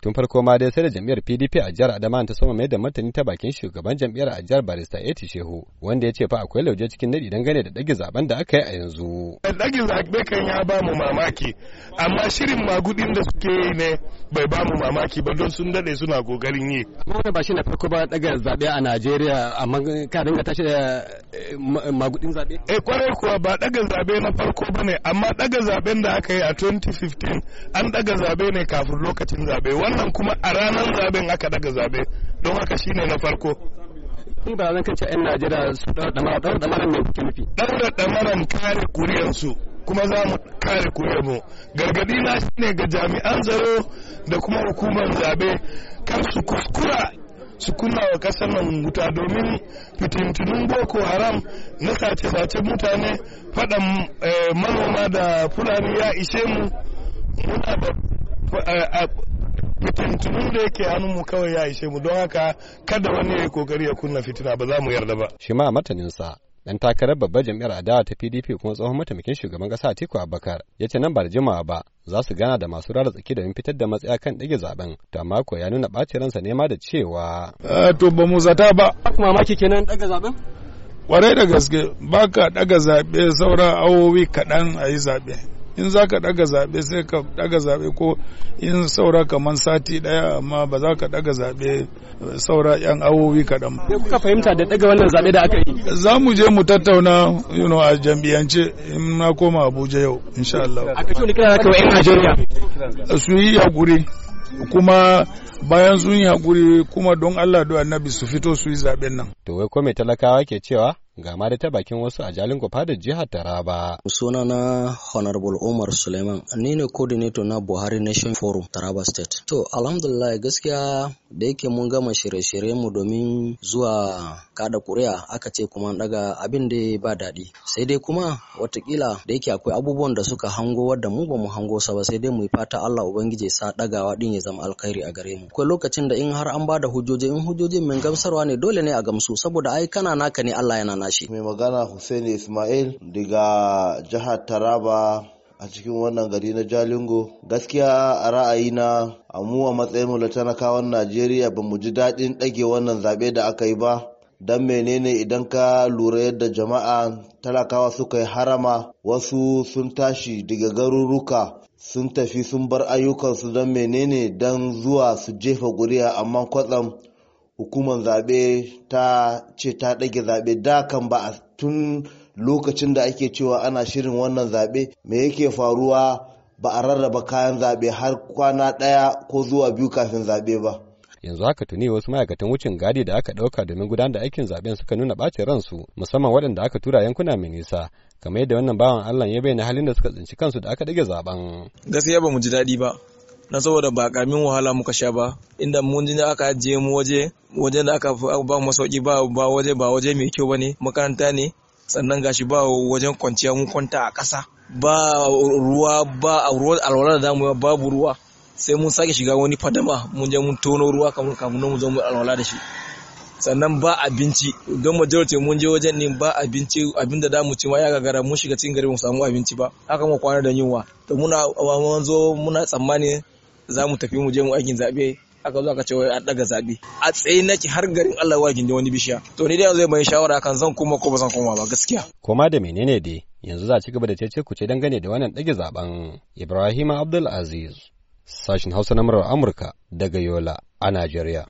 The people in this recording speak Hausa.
tun farko ma dai sai da jam'iyyar pdp a jihar adama ta soma mai da martani ta bakin shugaban jam'iyyar a jihar barista eti shehu wanda ya ce fa akwai lauje cikin nadi dangane da dage zaben da aka yi a yanzu dage zaben kan ya ba mu mamaki amma shirin magudin da suke yi ne bai ba mu mamaki ba don sun dade suna kokarin yi amma ba shi na farko ba daga zaɓe a najeriya amma ka dinga tashi da eh, magudin zaɓe. eh kwarai kuwa ba daga zaɓe na farko ba ne, amma daga zaben da aka yi a 2015 an daga zaɓe ne kafin lokacin zaɓe. wannan kuma a ranar zaben aka daga zabe don haka shine na farko ni ba zan kace yan Najeriya su daura damara daura mai kuke nufi daura damaran kare su kuma za mu kare mu gargadi na shine ga jami'an tsaro da kuma hukumar zabe kar su kuskura su kunna wa kasar nan wuta domin fitintunin boko haram na sace-sace mutane faɗan eh, manoma da fulani ya ishe mu muna da eh, fitintunun da yake mu kawai ya ishe mu don haka kada wani ya yi kokari ya kunna fitina ba za mu yarda ba. shi ma martaninsa dan takarar babbar jam'iyyar adawa ta pdp kuma tsohon mataimakin shugaban kasa atiku abubakar ya ce nan ba da jimawa ba za su gana da masu rara tsaki domin fitar da matsaya kan ɗage zaben to amma ya nuna ɓacin ransa nema da cewa. Eh, to ba mu zata ba. mamaki kenan ɗaga zaben. kwarai da gaske baka ɗaga zaɓe saura awowi kaɗan a yi zaɓe. in za ka ɗaga zaɓe sai ka ɗaga zaɓe ko in saura kamar sati ɗaya amma ba za ka ɗaga zaɓe saura 'yan awowi kaɗan. ba. kuka fahimta da ɗaga wannan zaɓe da aka yi? Za mu je mu tattauna you know, a jam'iyyance in na koma Abuja yau insha Allah. A kashe wani kira za ka 'yan Najeriya? Su yi haƙuri kuma bayan sun yi haƙuri kuma don Allah da annabi su fito su yi zaɓen nan. To wai ko mai talakawa ke cewa? ga ma da ta bakin wasu a jalin da jihar Taraba. Suna na Honorable Umar Suleiman, ni ne coordinator na Buhari Nation Forum Taraba State. To, alhamdulillah gaskiya da yake mun gama shirye shiryen mu domin zuwa kada kuri'a aka ce kuma daga abin da ba daɗi. Sai dai kuma watakila da yake akwai abubuwan da suka hango wadda mu ba mu hango sa ba sai dai mu fata Allah Ubangiji sa dagawa din ya zama alkhairi a gare mu. Akwai lokacin da in har an bada da hujjoji in hujjojin min gamsarwa ne dole ne a gamsu saboda ai kana naka ne Allah yana na tashi mai magana hussein ismail daga jihar taraba a cikin wannan gari na jalingo gaskiya a ra'ayina a mu a matsayinmu na talakawan najeriya ba mu ji daɗin ɗage wannan zaɓe da aka yi ba don menene idan ka lura yadda jama'a talakawa suka yi harama wasu sun tashi daga garuruka sun tafi sun bar ayyukansu don menene don zuwa su jefa ƙuri'a amma kwatsam hukumar zaɓe ta ce ta ɗage zaɓe da kan ba a tun lokacin da ake cewa ana shirin wannan zaɓe me yake faruwa ba a rarraba kayan zaɓe har kwana ɗaya ko zuwa biyu kafin zaɓe ba. yanzu haka tuni wasu ma'aikatan wucin gadi da aka ɗauka domin gudanar da aikin zaben suka nuna ɓacin ransu musamman waɗanda aka tura yankuna mai nisa kamar yadda wannan bawan Allah ya bayyana halin da suka tsinci kansu da aka ɗage zaben. Gaskiya ba mu ji daɗi ba na saboda ba kamin wahala muka sha ba inda mun ji aka ajiye mu waje wajen da aka ba mu sauki ba ba waje ba waje mai kyau bane makaranta ne sannan gashi ba wajen kwanciya mun kwanta a ƙasa ba ruwa ba alwala da zamu babu ruwa sai mun sake shiga wani fadama mun je mun tono ruwa kamar kamun mu zo mu alwala da shi sannan ba abinci don majority mun je wajen ne ba abinci abinda da mu ci ma ya gagara mun shiga cikin gari mu samu abinci ba haka mu kwana da yunwa to muna mun zo muna tsammani za mu tafi mu je mu aikin zaɓe aka zo aka ce wai an daga zabe a tsaye nake har garin Allah ya gindi wani bishiya to ni dai yanzu mai shawara kan zan koma ko ba zan koma ba gaskiya koma da menene dai yanzu za a ci gaba da cece ku ce dangane da wannan dage zaben Ibrahim Abdul Aziz sashin Hausa na murar Amurka daga Yola a Najeriya